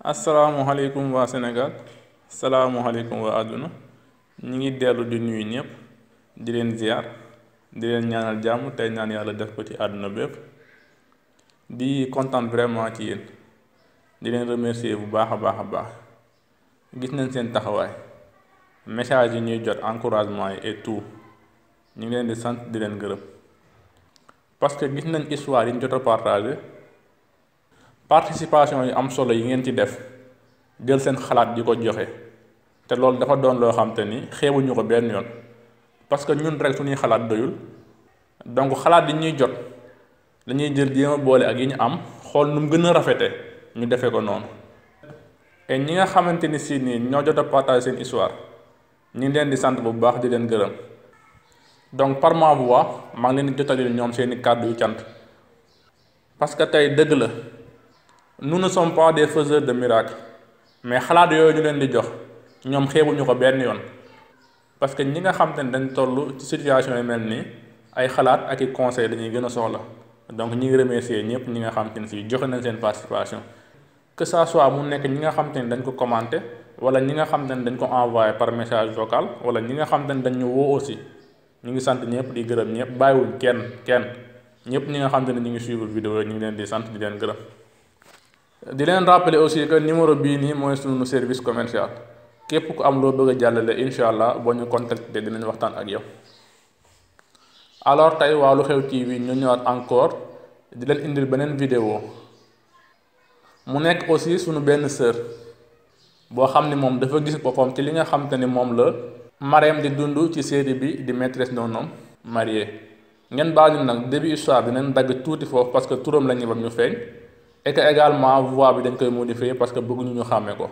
asalaamualeykum waa Sénégal salaamualeykum waa àdduna ñi ngi dellu di nuyu ñëpp di leen ziar di leen ñaanal jàmm tey ñaan yàlla def ko ci àdduna bépp di kontaan vraiment ci yéen di leen remercier bu baax a baax a baax gis nañ seen taxawaay message yi ñuy jot encouragement yi et tout ñu ngi leen di sant di leen gërëm parce que gis nañ histoire yi ñu jot a participation yu am solo yi ngeen ci def jël seen xalaat di ko joxe te loolu dafa doon loo xam te ni xeebuñu ko benn yoon parce que ñun rek suñuy xalaat doyul donc xalaat yi ñuy jot dañuy jël jéem a boole ak yi ñu am xool nu mu gën a rafete ñu defee ko noonu et ñi nga xamante ni si nii ñoo jot a partage seen histoire ñu leen di sant bu baax di leen gërëm donc par ma voix maa ngi leen di jotalil ñoom seeni kàddu yu cant parce que tey dëgg la nous ne sommes pas des faiseurs de miracles mais xalaat yooyu ñu leen di jox ñoom xeebuñu ko benn yoon parce que ñi nga xam te ne dañ toll ci situation yu mel nii ay xalaat ak i conseil dañuy gën a soxla donc ñi ngi remercier ñëpp ñi nga xam te ne si joxe nañ seen participation que ça soit mu nekk ñi nga xam te ne dañ ko commenté wala ñi nga xam te ne dañ ko envoyé par message vocal wala ñi nga xam te ne dañ ñu woo aussi ñu ngi sant ñëpp di gërëm ñëpp bàyyiwuñ kenn kenn ñëpp ñi nga xam te ne ñu ngi suivre vidéo ñu ngi leen di sant di leen gërëm di leen rappeler aussi que numéro bii nii mooy sunu service commercial képp ku am loo bëgg jàllale incha allah boo ñu contacter dinañ waxtaan ak yow. alors tey waa lu xew TV ñu ñëwaat encore di leen indil beneen vidéo mu nekk aussi sunu benn sœur boo xam ni moom dafa gis boppam ci li nga xam ni moom la Marème di dund ci série bi di maîtresse d'un homme marié ngeen baal ñu nag début histoire dinañ dagg tuuti foofu parce que turam la ñu ñu feeñ. et que également voix bi dañ koy modifier parce que bëgguñu ñu ñu xàmme ko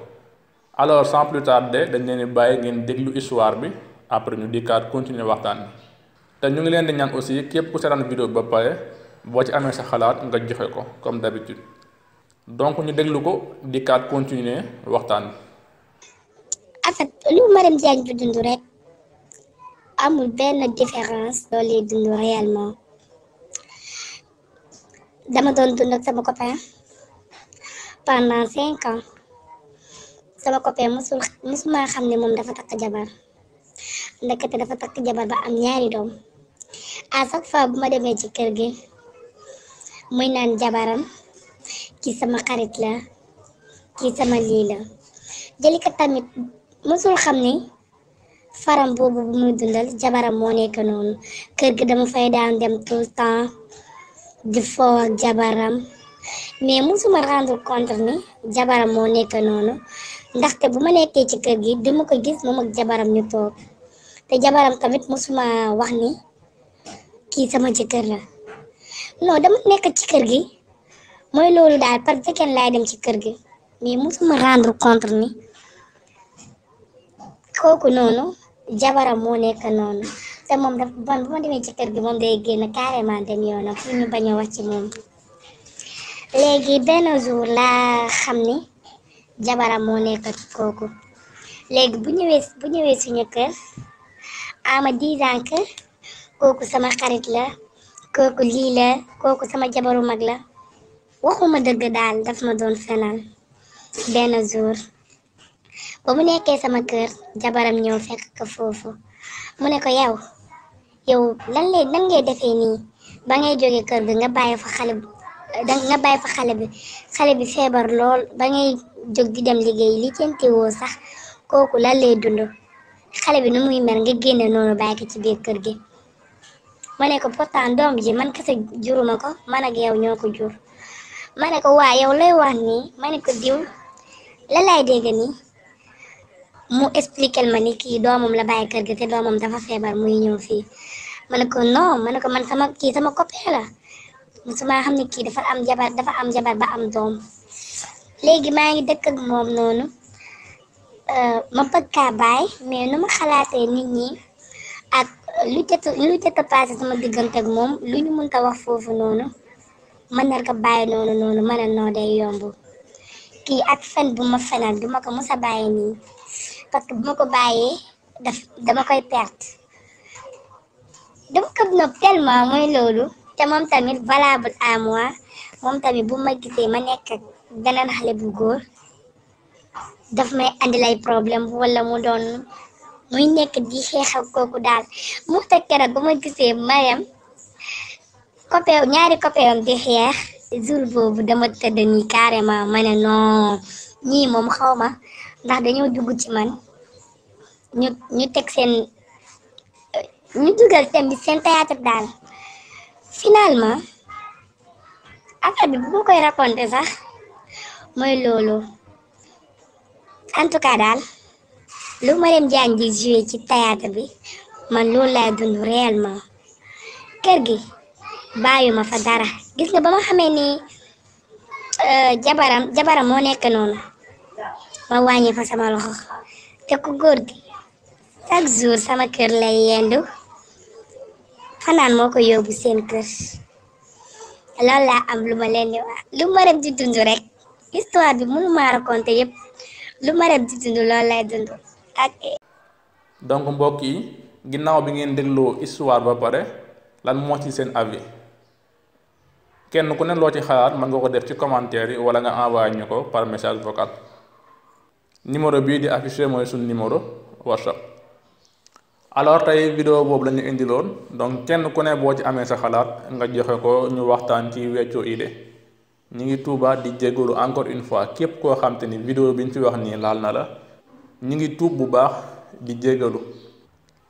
alors sans plus tarder dañ leen bàyyi ngeen déglu histoire bi après ñu dikkaat continuer waxtaan bi te ñu ngi leen di ñaan aussi képp ku seetaan vidéo ba pare boo ci amee sa xalaat nga joxe ko comme d'habitude donc ñu déglu ko dikkaat continuer waxtaan bi. en lu Marème Diagne di dund rek amul benn différence loolu lay dund réellement dama doon dund ak sama copain. pendant cinq ans sama copain musul musuma xam ni moom dafa takk jabar ndekete dafa takk jabar ba am ñaari doom à chaque fois ma demee ci kër gi muy naan jabaram kii sama xarit la kii sama lii la jëlika tamit musul xam ni faram boobu bu muy dundal jabaram moo nekk noonu kër gi dama dem tout le temps jabaram mais musuma rendre compte ni jabaram moo nekk noonu ndaxte bu ma nekkee ci kër gi dama ko gis moom ak jabaram ñu toog te jabaram tamit musuma wax ni kii sama jëkkër la non dama ci kër gi mooy loolu daal par ci kër gi mais musuma rendre contre ni kooku noonu jabaram moo nekk noonu te moom daf man bu ma demee ci kër gi moom day génn carrément dem yoonam pour ñu bañ wax ci moom léegi benn jour laa xam ni jabaram moo nekk kooku léegi bu ñëwee bu ñëwee suñu kër ama disant que kooku sama xarit la kooku lii la kooku sama jabaru mag la waxuma dëgg daal daf ma doon fenal benn jour ba mu nekkee sama kër jabaram ñëw fekk ko foofu mu ne ko yow yow lan lay lan ngay defee nii ba ngay jógee kër gi da nga bàyyi fa xale bi xale bi feebar lool ba ngay jóg di dem liggéey li centi woo sax kooku lan lay dund xale bi nu muy mer nga génne noonu bàyyi ko ci biir kër gi ma ne ko pourtant doom ji man kese juruma ko man ak yow ñoo ko jur man ne ko waa yow lay wax nii ko diw la lay dégg mu expliquer ma ni kii doomam la bàyyi kër gi te doomam dafa feebar muy ñëw fii ma ne ko non ma ne ko man sama kii sama musuma xam ni kii dafa am jabar dafa am jabar ba am doom léegi maa ngi dëkk ak moom noonu euh, ma bëgg kaa baay mais nu ma xalaatee nit ñi ak lu jot lu jot a sama diggante ak moom lu ñu mën wax foofu noonu mën nar ko bàyyi noonu noonu mën a noo day yomb kii ak fen bu ma fenal du ma ko mos a bàyyi nii parce que bu ma ko bàyyee daf dama koy perte dama ko nopp tellement mooy loolu te moom tamit valable à moom tamit bu ma gisee ma nekk beneen xale bu góor daf may andi lay problème wala mu doon muy nekk di xeex ak kooku daal mu fekk nag bu ma gisee Mariam ñaari copainam di xeex jour boobu dama tëdd nii ma ñii moom xaw ma ndax dañoo dugg man ñu ñu teg seen ñu dugal thème bi seen théâtre daal finalement affaire bi bu ma koy raconté sax mooy loolu en tout cas daal lu Mariam Diagne di joué ci théâtre bi man lool laay dund réellement kër gi bàyyi fa dara gis nga ba ni euh, jabaram jabaram moo nekke noonu ma wàññi fa sama loxo te ku góor gi chaque jour sama kër lay xanaan moo ko yóbbu seen kër loolu laa am lu ma leen di wax lu ma dem di dund rek histoire bi mënu ma raconter lu ma dem di dund loolu lay dund ak. donc mbokk yi ginnaaw bi ngeen dégloo histoire ba pare lan moo ci seen avis kenn ku ne loo ci xalaat mën nga ko def ci commentaire yi wala nga envoyé ñu ko par message vocal numéro bii di affiché mooy suñ numéro WhatsApp. alors tey vidéo boobu la ñu indiloon donc kenn ku ne boo ci amee sa xalaat nga joxe ko ñu waxtaan ci weccoo idée ñu ngi tuubaa di jégalu encore une fois képp koo xam ni vidéo bi ñu fi wax nii laal na la ñu ngi tuub bu baax di jégalu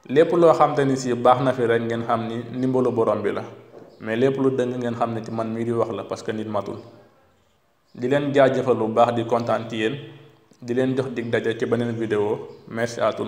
lépp loo xam ni si baax na fi rek ngeen xam ni ndimbalu borom bi la mais lépp lu dëng ngeen xam ne ci man mii di wax la parce que nit matul di leen jaajëfal bu baax di kontaan ci yéen di leen jox dig daje ci beneen vidéo merci à tout